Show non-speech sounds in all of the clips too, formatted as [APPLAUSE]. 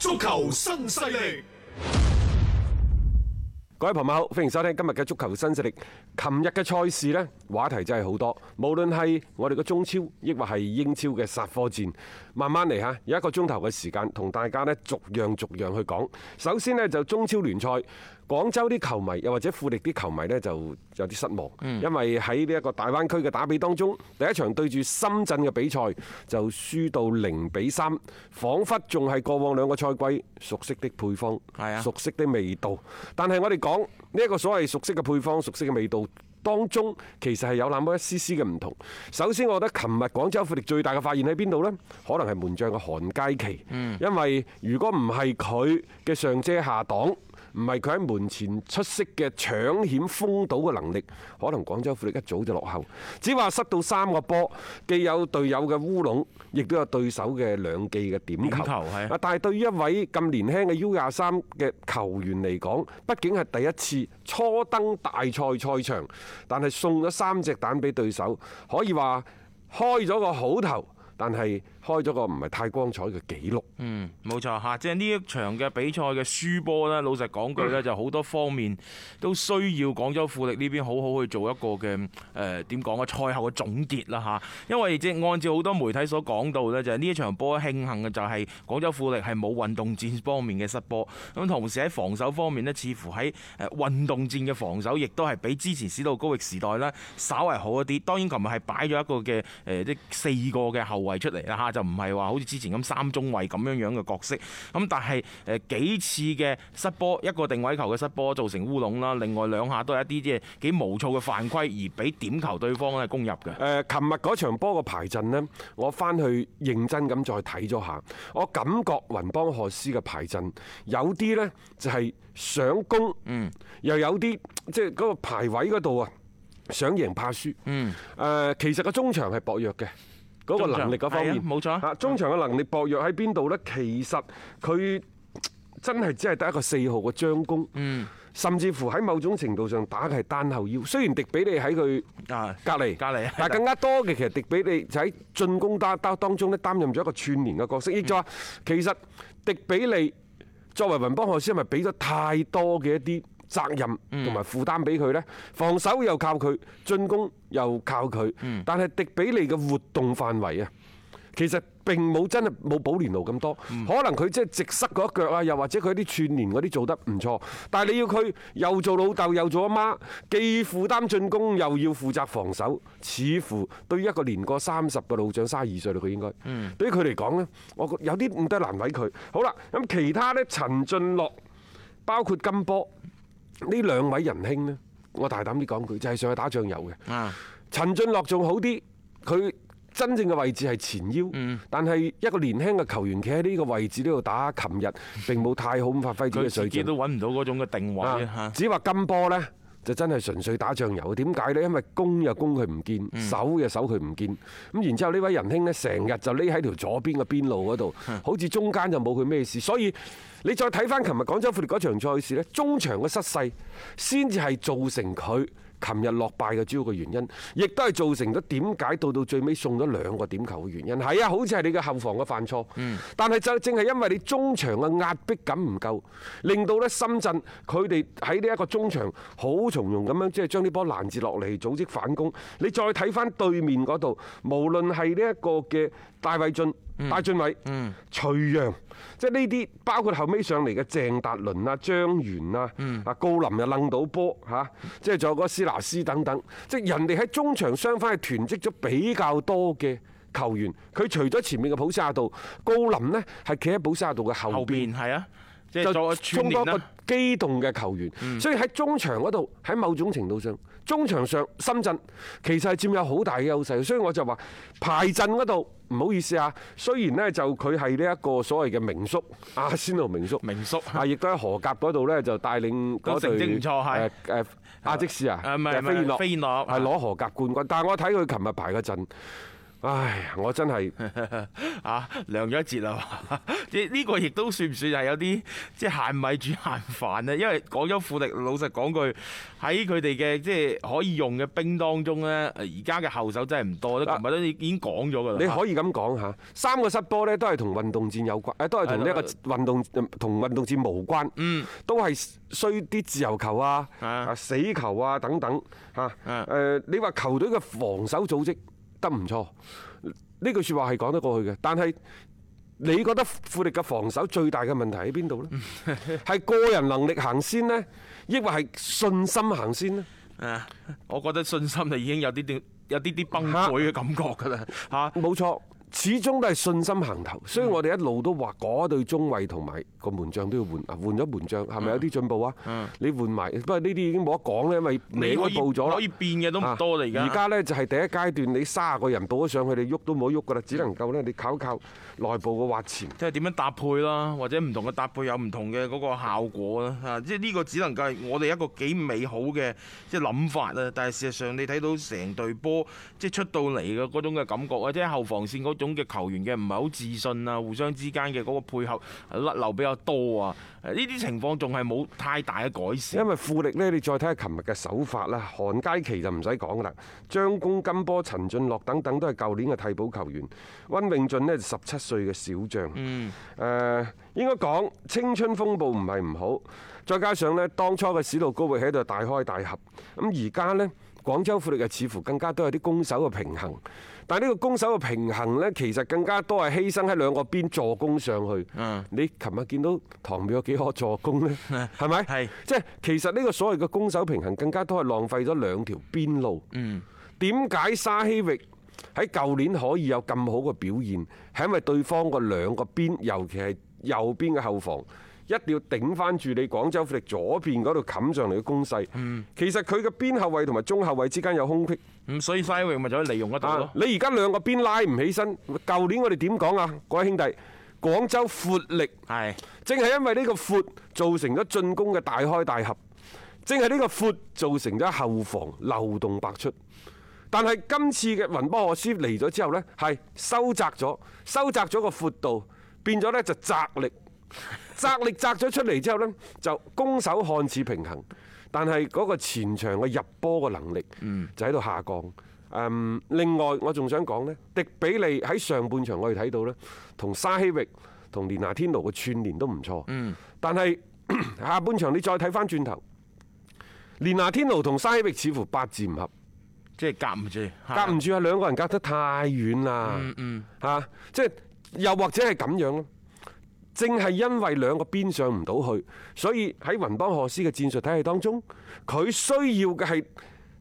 足球新勢力，各位朋友好，歡迎收聽今日嘅足球新勢力。琴日嘅賽事呢，話題真係好多，無論係我哋嘅中超，亦或係英超嘅煞科戰，慢慢嚟吓，有一個鐘頭嘅時間，同大家呢逐樣逐樣去講。首先呢，就中超聯賽。廣州啲球迷又或者富力啲球迷呢，就有啲失望，嗯、因為喺呢一個大灣區嘅打比當中，第一場對住深圳嘅比賽就輸到零比三，仿佛仲係過往兩個賽季熟悉的配方、哎、呀熟悉的味道。但係我哋講呢一個所謂熟悉嘅配方、熟悉嘅味道當中，其實係有那麼一絲絲嘅唔同。首先，我覺得琴日廣州富力最大嘅發現喺邊度呢？可能係門將嘅韓佳奇，嗯、因為如果唔係佢嘅上遮下擋。唔係佢喺門前出色嘅搶險封堵嘅能力，可能廣州富力一早就落後。只話失到三個波，既有隊友嘅烏龍，亦都有對手嘅兩記嘅點球。點球，係啊。但係對於一位咁年輕嘅 U 廿三嘅球員嚟講，畢竟係第一次初登大賽賽場，但係送咗三隻蛋俾對手，可以話開咗個好頭。但係開咗個唔係太光彩嘅記錄。嗯，冇錯吓，即係呢一場嘅比賽嘅輸波咧，老實講句咧，就好多方面都需要廣州富力呢邊好好去做一個嘅誒，點講啊，賽後嘅總結啦吓，因為即係按照好多媒體所講到咧，就係呢一場波慶幸嘅就係廣州富力係冇運動戰方面嘅失波。咁同時喺防守方面咧，似乎喺誒運動戰嘅防守亦都係比之前史度高域時代咧稍為好一啲。當然琴日係擺咗一個嘅誒即四個嘅後。出嚟啦，就唔係話好似之前咁三中衛咁樣樣嘅角色。咁但係誒幾次嘅失波，一個定位球嘅失波造成烏龍啦，另外兩下都係一啲即係幾毛躁嘅犯規，而俾點球對方咧攻入嘅。誒，琴日嗰場波嘅排陣呢，我翻去認真咁再睇咗下，我感覺雲邦賀斯嘅排陣有啲呢，就係想攻，嗯，又有啲即係嗰個排位嗰度啊，想贏怕輸，嗯，誒，其實個中場係薄弱嘅。嗰個能力嗰方面，冇錯啊！中場嘅能力薄弱喺邊度呢？其實佢真係只係得一個四號嘅張弓，嗯，甚至乎喺某種程度上打嘅係單後腰。雖然迪比利喺佢啊隔離隔離，但係更加多嘅其實迪比利就喺進攻擔擔當中呢，擔任咗一個串連嘅角色。亦就話，其實迪比利作為雲邦何師，係咪俾咗太多嘅一啲？責任同埋負擔俾佢咧，防守又靠佢，進攻又靠佢。嗯、但係迪比尼嘅活動範圍啊，其實並冇真係冇保連奴咁多。嗯、可能佢即係直塞嗰一腳啊，又或者佢啲串連嗰啲做得唔錯。但係你要佢又做老豆又做阿媽，既負擔進攻又要負責防守，似乎對於一個年過三十嘅老將，卅二歲啦，佢應該。嗯、對於佢嚟講呢，我覺得有啲唔得難為佢。好啦，咁其他呢，陳俊樂包括金波。呢兩位仁兄呢，我大膽啲講句，就係、是、上去打醬油嘅。啊、陳俊樂仲好啲，佢真正嘅位置係前腰，嗯、但係一個年輕嘅球員企喺呢個位置呢度打，琴日並冇太好咁發揮自己嘅水平。佢始終都揾唔到嗰種嘅定位。啊啊、只話金波呢。就真係純粹打醬油，點解呢？因為攻又攻佢唔見，守又守佢唔見。咁、嗯、然之後呢位仁兄呢，成日就匿喺條左邊嘅邊路嗰度，好似中間就冇佢咩事。所以你再睇翻琴日廣州富力嗰場賽事呢，中場嘅失勢先至係造成佢。琴日落敗嘅主要嘅原因，亦都係造成咗點解到到最尾送咗兩個點球嘅原因。係啊，好似係你嘅後防嘅犯錯。嗯，但係就正係因為你中場嘅壓迫感唔夠，令到咧深圳佢哋喺呢一個中場好從容咁樣，即係將呢波攔截落嚟，組織反攻。你再睇返對面嗰度，無論係呢一個嘅。戴偉俊、嗯、戴俊偉、徐陽，即係呢啲包括後尾上嚟嘅鄭達倫啦、張元、啦、嗯，啊高林又掕到波嚇，即係仲有個斯拿斯等等，即係人哋喺中場雙方係囤積咗比較多嘅球員，佢除咗前面嘅普沙亞度，高林呢係企喺普沙亞度嘅後邊，係啊。就中多個機動嘅球員，所以喺中場嗰度，喺某種程度上，中場上深圳其實係佔有好大嘅優勢，所以我就話排陣嗰度唔好意思啊。雖然呢，就佢係呢一個所謂嘅名宿阿仙奴名宿，名宿，名宿啊，亦都喺荷甲嗰度呢，就帶領嗰隊，都成績唔錯，係誒阿即士啊，誒飛燕諾，飛燕諾係攞荷甲冠軍，但係我睇佢琴日排嘅是陣。唉，我真係啊，涼咗 [LAUGHS] 一截啦！ [LAUGHS] 即呢個亦都算唔算係有啲即係限米煮限飯咧？因為講咗富力，老實講句，喺佢哋嘅即係可以用嘅兵當中咧，而家嘅後手真係唔多。啲琴日都已經講咗㗎喇。你可以咁講吓，三個失波咧都係同運動戰有關，誒都係同呢一個運動同運動戰無關，嗯，都係衰啲自由球啊、是的 啊死球啊等等吓。誒，你話球隊嘅防守組織得唔錯？呢句説話係講得過去嘅，但係你覺得富力嘅防守最大嘅問題喺邊度咧？係個人能力行先呢，抑或係信心行先呢？啊，我覺得信心就已經有啲啲有啲啲崩潰嘅感覺㗎啦，啊，嚇、啊，冇錯。始終都係信心行頭，所以我哋一路都話嗰隊中衞同埋個門將都要換啊，換咗門將係咪有啲進步啊？嗯、你換埋，不過呢啲已經冇得講咧，因為你可以報咗可以變嘅都唔多啦。而家咧就係第一階段，你卅個人報咗上去，你喐都冇喐噶啦，只能夠咧你靠一靠內部嘅滑潛，即係點樣搭配啦，或者唔同嘅搭配有唔同嘅嗰個效果啦。嚇，即係呢個只能夠係我哋一個幾美好嘅即係諗法啊！但係事實上你睇到成隊波即係出到嚟嘅嗰種嘅感覺或者係後防線嗰種嘅球員嘅唔係好自信啊，互相之間嘅嗰個配合甩漏比較多啊，呢啲情況仲係冇太大嘅改善。因為富力呢，你再睇下琴日嘅手法啦，韓佳奇就唔使講噶啦，張公、金波、陳俊樂等等都係舊年嘅替補球員，温永俊咧十七歲嘅小將，嗯，誒、呃、應該講青春風暴唔係唔好，再加上呢，當初嘅史路高域喺度大開大合，咁而家呢。廣州富力嘅似乎更加都有啲攻守嘅平衡，但係呢個攻守嘅平衡呢，其實更加多係犧牲喺兩個邊助攻上去。嗯，你琴日見到唐淼有幾可助攻呢？係咪？係是，即係其實呢個所謂嘅攻守平衡更加多係浪費咗兩條邊路。嗯，點解沙希域喺舊年可以有咁好嘅表現？係因為對方個兩個邊，尤其係右邊嘅後防。一定要頂翻住你廣州富力左邊嗰度冚上嚟嘅攻勢。其實佢嘅邊後衞同埋中後衞之間有空隙，咁所以 Flyway 咪就可以利用得到咯。你而家兩個邊拉唔起身，舊年我哋點講啊，各位兄弟，廣州闊力係正係因為呢個闊造成咗進攻嘅大開大合，正係呢個闊造成咗後防漏洞百出。但係今次嘅雲波學師嚟咗之後咧，係收窄咗，收窄咗個闊度，變咗咧就窄力。擇力擇咗出嚟之後呢，就攻守看似平衡，但係嗰個前場嘅入波嘅能力就喺度下降。嗯，另外我仲想講呢，迪比利喺上半場我哋睇到呢，同沙希域同連拿天奴嘅串聯都唔錯。嗯，但係 [COUGHS] 下半場你再睇翻轉頭，連拿天奴同沙希域似乎八字唔合，即係夾唔住，夾唔住係兩個人隔得太遠啦、嗯。嗯，吓、啊，即係又或者係咁樣咯。正係因為兩個邊上唔到去，所以喺雲邦賀斯嘅戰術體系當中，佢需要嘅係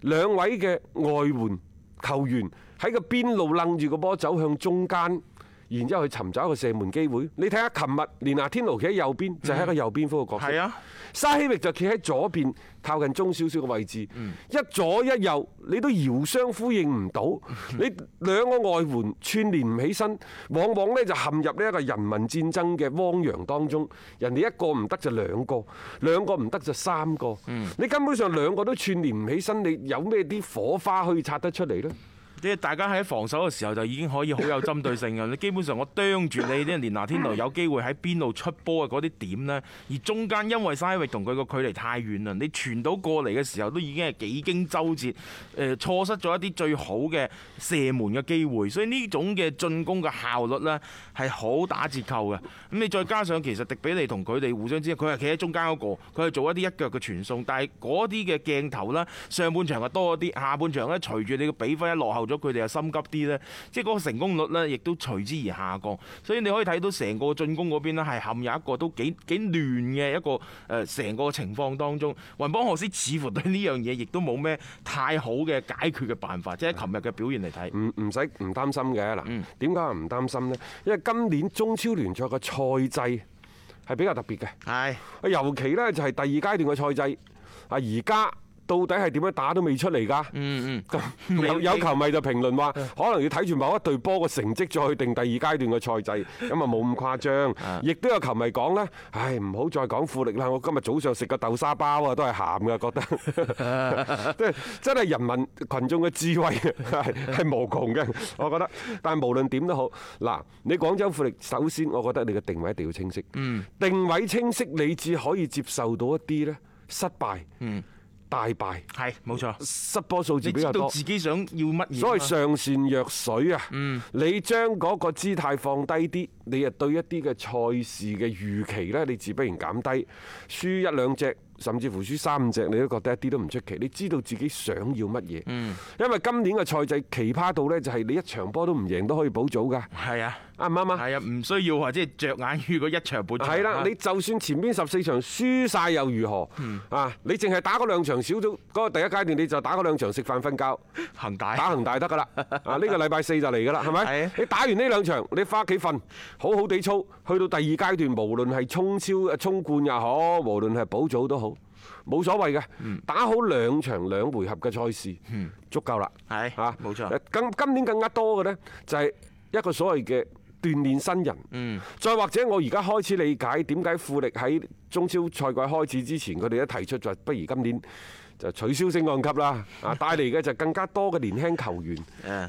兩位嘅外援球員喺個邊路楞住個波走向中間。然之後去尋找一個射門機會，你睇下琴日連阿天奴企喺右邊，就係一個右邊鋒嘅角色。係啊，沙希域就企喺左邊，靠近中少少嘅位置。一左一右，你都遙相呼應唔到。你兩個外援串連唔起身，往往呢就陷入呢一個人民戰爭嘅汪洋當中。人哋一個唔得就兩個，兩個唔得就三個。你根本上兩個都串連唔起身，你有咩啲火花可以擦得出嚟呢？即係大家喺防守嘅時候就已經可以好有針對性嘅，你基本上我盯住你啲連拿天奴有機會喺邊度出波嘅啲點咧，而中間因為塞維同佢個距離太遠啦，你傳到過嚟嘅時候都已經係幾經周折，誒錯失咗一啲最好嘅射門嘅機會，所以呢種嘅進攻嘅效率咧係好打折扣嘅。咁你再加上其實迪比利同佢哋互相之間佢係企喺中間嗰個，佢係做一啲一腳嘅傳送，但係嗰啲嘅鏡頭咧，上半場啊多啲，下半場咧隨住你嘅比分一落後。咗佢哋又心急啲咧，即係嗰個成功率咧，亦都隨之而下降。所以你可以睇到成個進攻嗰邊咧，係陷入一個都幾幾亂嘅一個誒，成、呃、個情況當中，雲邦何斯似乎對呢樣嘢亦都冇咩太好嘅解決嘅辦法。即係琴日嘅表現嚟睇，唔唔使唔擔心嘅嗱。點解唔擔心咧？因為今年中超聯賽嘅賽制係比較特別嘅，係的尤其咧就係第二階段嘅賽制啊，而家。到底係點樣打都未出嚟㗎、嗯？嗯嗯， [LAUGHS] 有有球迷就評論話，可能要睇住某一隊波嘅成績再去定第二階段嘅賽制，咁啊，冇咁誇張。亦都有球迷講咧，唉，唔好再講富力啦！我今日早上食個豆沙包啊，都係鹹嘅，覺得即係 [LAUGHS] 真係人民群眾嘅智慧係係無窮嘅，我覺得。但係無論點都好嗱，你廣州富力首先，我覺得你嘅定位一定要清晰。嗯，定位清晰，你至可以接受到一啲呢失敗。嗯。大敗係冇錯，失波數字比較多。你知道自己想要乜嘢？所謂上善若水啊，嗯、你將嗰個姿態放低啲，你又對一啲嘅賽事嘅預期呢，你自不然減低，輸一兩隻，甚至乎輸三隻，你都覺得一啲都唔出奇。你知道自己想要乜嘢？嗯、因為今年嘅賽制奇葩到呢，就係你一場波都唔贏都可以保組㗎。係啊。啱唔啱啊？係啊，唔需要話即係着眼於嗰一場半場。係啦，你就算前邊十四場輸曬又如何？啊，你淨係打嗰兩場小組嗰個第一階段，你就打嗰兩場食飯瞓覺。恒大打恒大得噶啦！啊，呢個禮拜四就嚟噶啦，係咪？你打完呢兩場，你翻屋企瞓，好好地操，去到第二階段，無論係衝超、衝冠又好，無論係保組都好，冇所謂嘅。打好兩場兩回合嘅賽事，足夠啦。係啊，冇錯。更今年更加多嘅呢，就係一個所謂嘅。鍛鍊新人，再或者我而家開始理解點解富力喺中超賽季開始之前，佢哋都提出咗不如今年就取消升降級啦，啊帶嚟嘅就更加多嘅年輕球員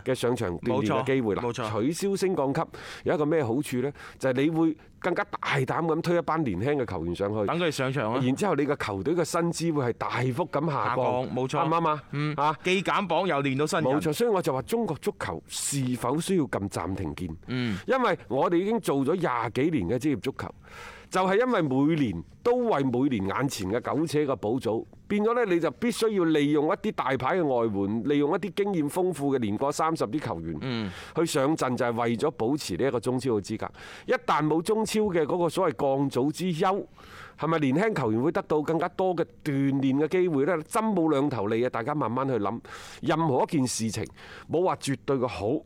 嘅上場 [LAUGHS] 鍛鍊嘅機會啦。冇錯。取消升降級有一個咩好處呢？就係你會，更加大膽咁推一班年輕嘅球員上去，等佢哋上場，然之後你嘅球隊嘅薪資會係大幅咁下降，冇錯，啱啱啊？既減磅又練到新人，冇錯，所以我就話中國足球是否需要撳暫停鍵，嗯、因為我哋已經做咗廿幾年嘅職業足球，就係、是、因為每年都為每年眼前嘅苟且嘅補組變咗咧，你就必須要利用一啲大牌嘅外援，利用一啲經驗豐富嘅年過三十啲球員、嗯、去上陣，就係為咗保持呢一個中超嘅資格。一旦冇中超，超嘅嗰個所謂降組之優，係咪年輕球員會得到更加多嘅鍛鍊嘅機會咧？針冇兩頭利啊！大家慢慢去諗，任何一件事情冇話絕對嘅好，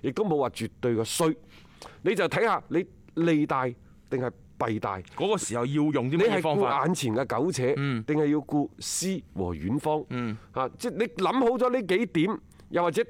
亦都冇話絕對嘅衰，你就睇下你利大定係弊大，嗰個時候要用啲咩方法？你係顧眼前嘅苟且，定係要顧詩和遠方？嚇，嗯、即係你諗好咗呢幾點，又或者？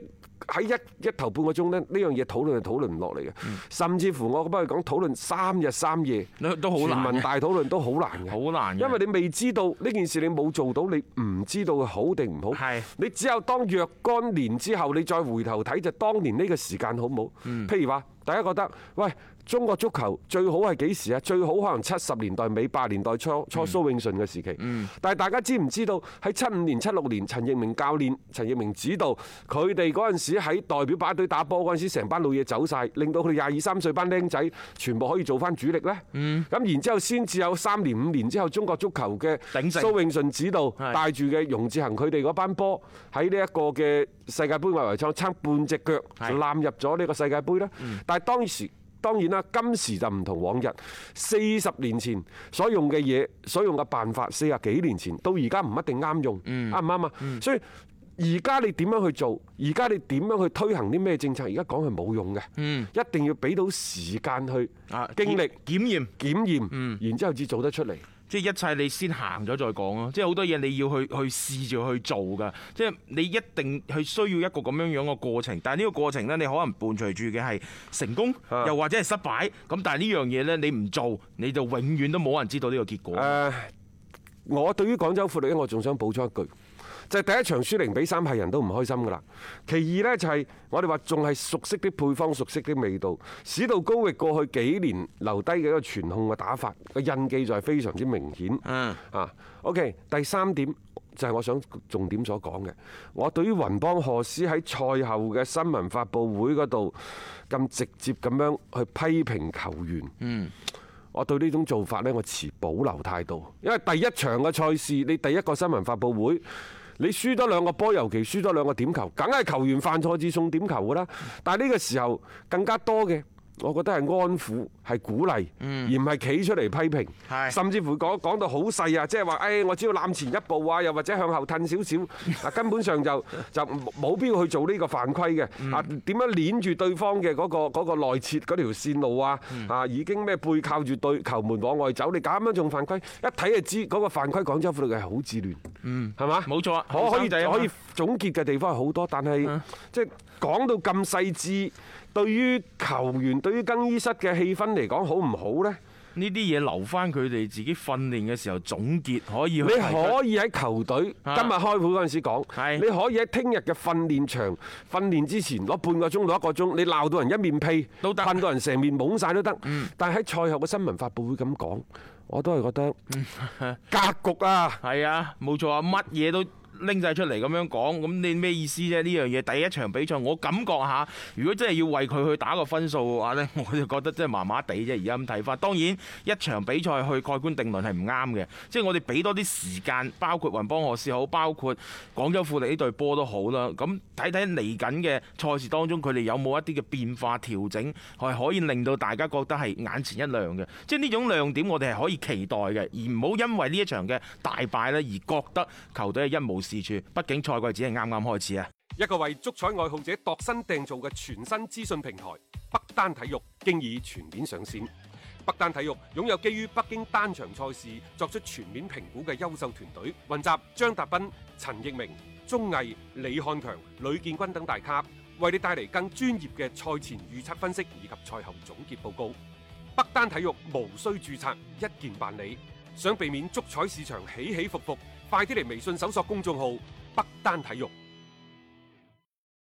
喺一一頭半個鐘呢，呢樣嘢討論係討論唔落嚟嘅。嗯、甚至乎我不如講，討論三日三夜，都好難，全都難。全民大討論都好難，好難。因為你未知道呢件事，你冇做到，你唔知道佢好定唔好。係是的 你只有當若干年之後，你再回頭睇就當年呢個時間好唔好？嗯、譬如話。大家覺得喂，中國足球最好係幾時啊？最好可能七十年代尾、八年代初初，蘇永順嘅時期。嗯嗯、但係大家知唔知道喺七五年、七六年，陳奕明教練、陳奕明指導，佢哋嗰陣時喺代表隊打波嗰陣時，成班老嘢走晒，令到佢哋廿二三歲班僆仔全部可以做翻主力呢。咁、嗯、然之後先至有三年五年之後，中國足球嘅蘇永順指導帶住嘅容志行，佢哋嗰班波喺呢一個嘅世界杯外圍賽差半隻腳，攬入咗呢個世界盃啦。的嗯、但係當時當然啦，今時就唔同往日。四十年前所用嘅嘢，所用嘅辦法，四十幾年前到而家唔一定啱用，啱唔啱啊？嗯、所以而家你點樣去做？而家你點樣去推行啲咩政策？而家講係冇用嘅。嗯，一定要俾到時間去，啊，經歷檢驗、檢驗，然之後至做得出嚟。即係一切，你先行咗再講咯。即係好多嘢你要去去試住去做噶。即係你一定去需要一個咁樣樣嘅過程。但係呢個過程咧，你可能伴隨住嘅係成功，又或者係失敗，咁但係呢樣嘢咧，你唔做，你就永遠都冇人知道呢個結果。誒、呃，我對於廣州富力，我仲想補充一句。就係第一場輸零比三係人都唔開心噶啦。其二呢，就係我哋話仲係熟悉啲配方、熟悉啲味道。史度高域過去幾年留低嘅一個傳控嘅打法個印記就係非常之明顯。嗯啊。OK，第三點就係我想重點所講嘅。我對於雲邦何斯喺賽後嘅新聞發佈會嗰度咁直接咁樣去批評球員。嗯，我對呢種做法呢，我持保留態度，因為第一場嘅賽事你第一個新聞發佈會。你輸多兩個波，尤其輸多兩個點球，梗係球員犯錯至送點球㗎啦。但係呢個時候更加多嘅，我覺得係安撫、係鼓勵，而唔係企出嚟批評，嗯、甚至乎講講到好細啊，即係話，誒、哎、我只要攬前一步啊，又或者向後褪少少，啊根本上就就冇必要去做呢個犯規嘅。嗯、啊點樣攆住對方嘅嗰、那個嗰、那個內切嗰條線路啊？啊已經咩背靠住對球門往外走，你咁樣仲犯規，一睇就知嗰個犯規，廣州富力係好自亂。嗯，係嘛吧，冇錯，可可以就可以總結嘅地方係好多，嗯、但係即係講到咁細緻，對於球員對於更衣室嘅氣氛嚟講好唔好咧？呢啲嘢留翻佢哋自己訓練嘅時候總結，可以。你可以喺球隊、啊、今日開會嗰陣時講，是你可以喺聽日嘅訓練場訓練之前攞半個鐘到一個鐘，你鬧到人一面屁都得行，瞓到人成面懵晒都得。嗯、但係喺賽後嘅新聞發佈會咁講，我都係覺得格局啊，係 [LAUGHS] 啊，冇錯啊，乜嘢都，拎晒出嚟咁樣講，咁你咩意思啫？呢樣嘢第一場比賽我感覺吓，如果真係要為佢去打個分數嘅話咧，我就覺得真係麻麻地啫。而家咁睇法，當然一場比賽去蓋棺定論係唔啱嘅，即、就、係、是、我哋俾多啲時間，包括雲邦何士好，包括廣州富力呢隊波都好啦。咁睇睇嚟緊嘅賽事當中，佢哋有冇一啲嘅變化調整係可以令到大家覺得係眼前一亮嘅，即係呢種亮點我哋係可以期待嘅，而唔好因為呢一場嘅大敗咧而覺得球隊係一無。事處，畢竟賽季只係啱啱開始啊！一個為足彩愛好者度身訂造嘅全新資訊平台北單體育，經已全面上線。北單體育擁有基於北京單場賽事作出全面評估嘅優秀團隊，雲集張達斌、陳亦明、鍾毅、李漢強、呂建軍等大咖，為你帶嚟更專業嘅賽前預測分析以及賽後總結報告。北單體育無需注冊，一鍵辦理。想避免足彩市場起起伏伏？快啲嚟微信搜索公眾號北丹體育。